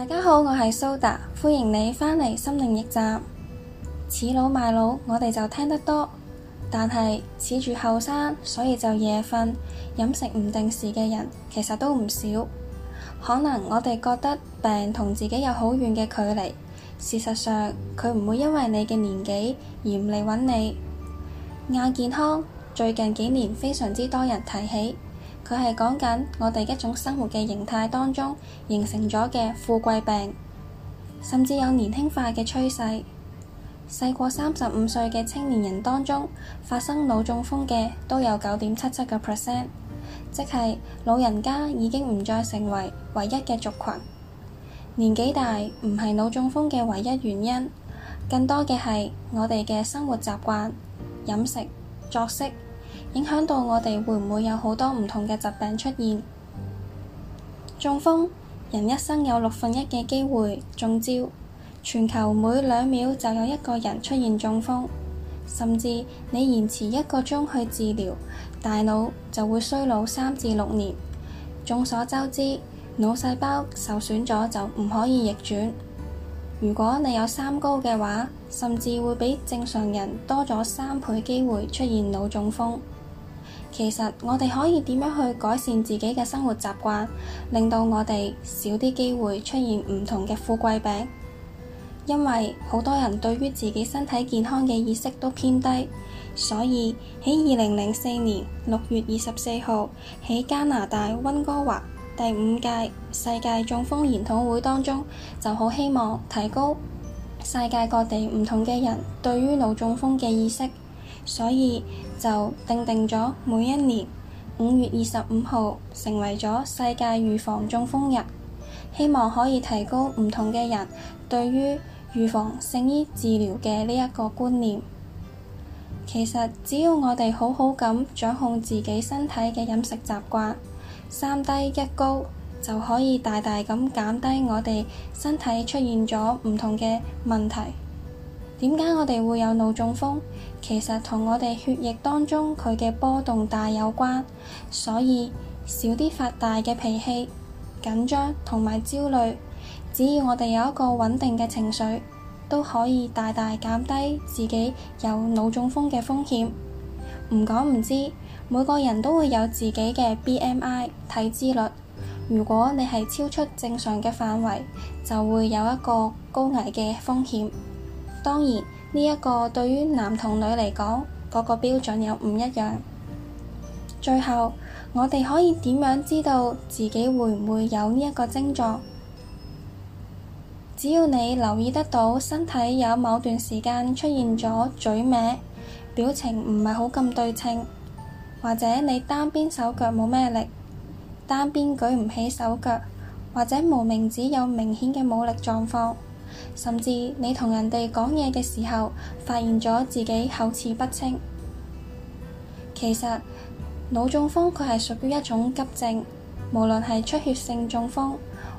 大家好，我係蘇達，歡迎你返嚟心靈驛站。恃老賣老，我哋就聽得多，但係恃住後生，所以就夜瞓、飲食唔定時嘅人，其實都唔少。可能我哋覺得病同自己有好遠嘅距離，事實上佢唔會因為你嘅年紀而唔嚟揾你。亞健康最近幾年非常之多人提起。佢係講緊我哋一種生活嘅形態當中形成咗嘅富貴病，甚至有年輕化嘅趨勢。細過三十五歲嘅青年人當中，發生腦中風嘅都有九點七七個 percent，即係老人家已經唔再成為唯一嘅族群。年紀大唔係腦中風嘅唯一原因，更多嘅係我哋嘅生活習慣、飲食、作息。影響到我哋會唔會有好多唔同嘅疾病出現？中風，人一生有六分一嘅機會中招。全球每兩秒就有一個人出現中風，甚至你延遲一個鐘去治療，大腦就會衰老三至六年。眾所周知，腦細胞受損咗就唔可以逆轉。如果你有三高嘅話，甚至會比正常人多咗三倍機會出現腦中風。其實我哋可以點樣去改善自己嘅生活習慣，令到我哋少啲機會出現唔同嘅富貴病。因為好多人對於自己身體健康嘅意識都偏低，所以喺二零零四年六月二十四號，喺加拿大溫哥華，第五屆世界中風研討會當中，就好希望提高世界各地唔同嘅人對於腦中風嘅意識，所以就定定咗每一年五月二十五號成為咗世界預防中風日，希望可以提高唔同嘅人對於預防勝於治療嘅呢一個觀念。其實只要我哋好好咁掌控自己身體嘅飲食習慣。三低一高就可以大大咁減低我哋身體出現咗唔同嘅問題。點解我哋會有腦中風？其實同我哋血液當中佢嘅波動大有關。所以少啲發大嘅脾氣、緊張同埋焦慮，只要我哋有一個穩定嘅情緒，都可以大大減低自己有腦中風嘅風險。唔講唔知。每個人都會有自己嘅 BMI 體脂率。如果你係超出正常嘅範圍，就會有一個高危嘅風險。當然，呢一個對於男同女嚟講，嗰個標準又唔一樣。最後，我哋可以點樣知道自己會唔會有呢一個症狀？只要你留意得到身體有某段時間出現咗嘴歪，表情唔係好咁對稱。或者你單邊手腳冇咩力，單邊舉唔起手腳，或者無名指有明顯嘅冇力狀況，甚至你同人哋講嘢嘅時候，發現咗自己口齒不清。其實腦中風佢係屬於一種急症，無論係出血性中風，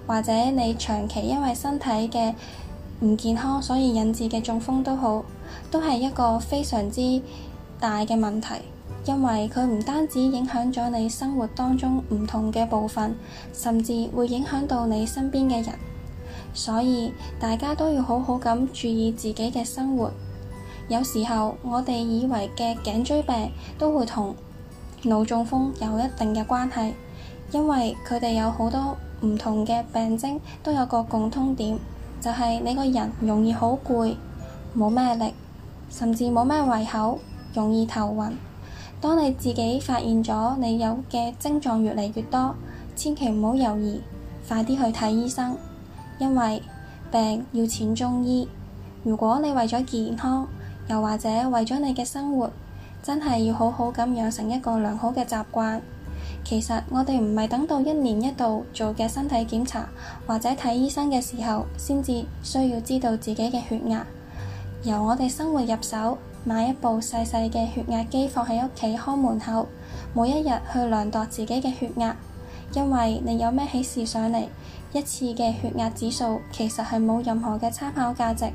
或者你長期因為身體嘅唔健康，所以引致嘅中風都好，都係一個非常之大嘅問題。因為佢唔單止影響咗你生活當中唔同嘅部分，甚至會影響到你身邊嘅人，所以大家都要好好咁注意自己嘅生活。有時候我哋以為嘅頸椎病都會同腦中風有一定嘅關係，因為佢哋有好多唔同嘅病徵都有個共通點，就係你個人容易好攰，冇咩力，甚至冇咩胃口，容易頭暈。當你自己發現咗你有嘅症狀越嚟越多，千祈唔好猶豫，快啲去睇醫生，因為病要淺中醫。如果你為咗健康，又或者為咗你嘅生活，真係要好好咁養成一個良好嘅習慣。其實我哋唔係等到一年一度做嘅身體檢查或者睇醫生嘅時候，先至需要知道自己嘅血壓。由我哋生活入手。買一部細細嘅血壓機放喺屋企開門口，每一日去量度自己嘅血壓。因為你有咩喜事上嚟，一次嘅血壓指數其實係冇任何嘅參考價值。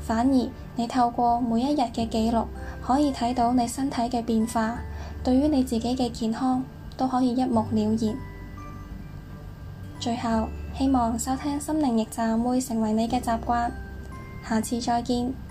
反而你透過每一日嘅記錄，可以睇到你身體嘅變化，對於你自己嘅健康都可以一目了然。最後，希望收聽心靈驛站會成為你嘅習慣。下次再見。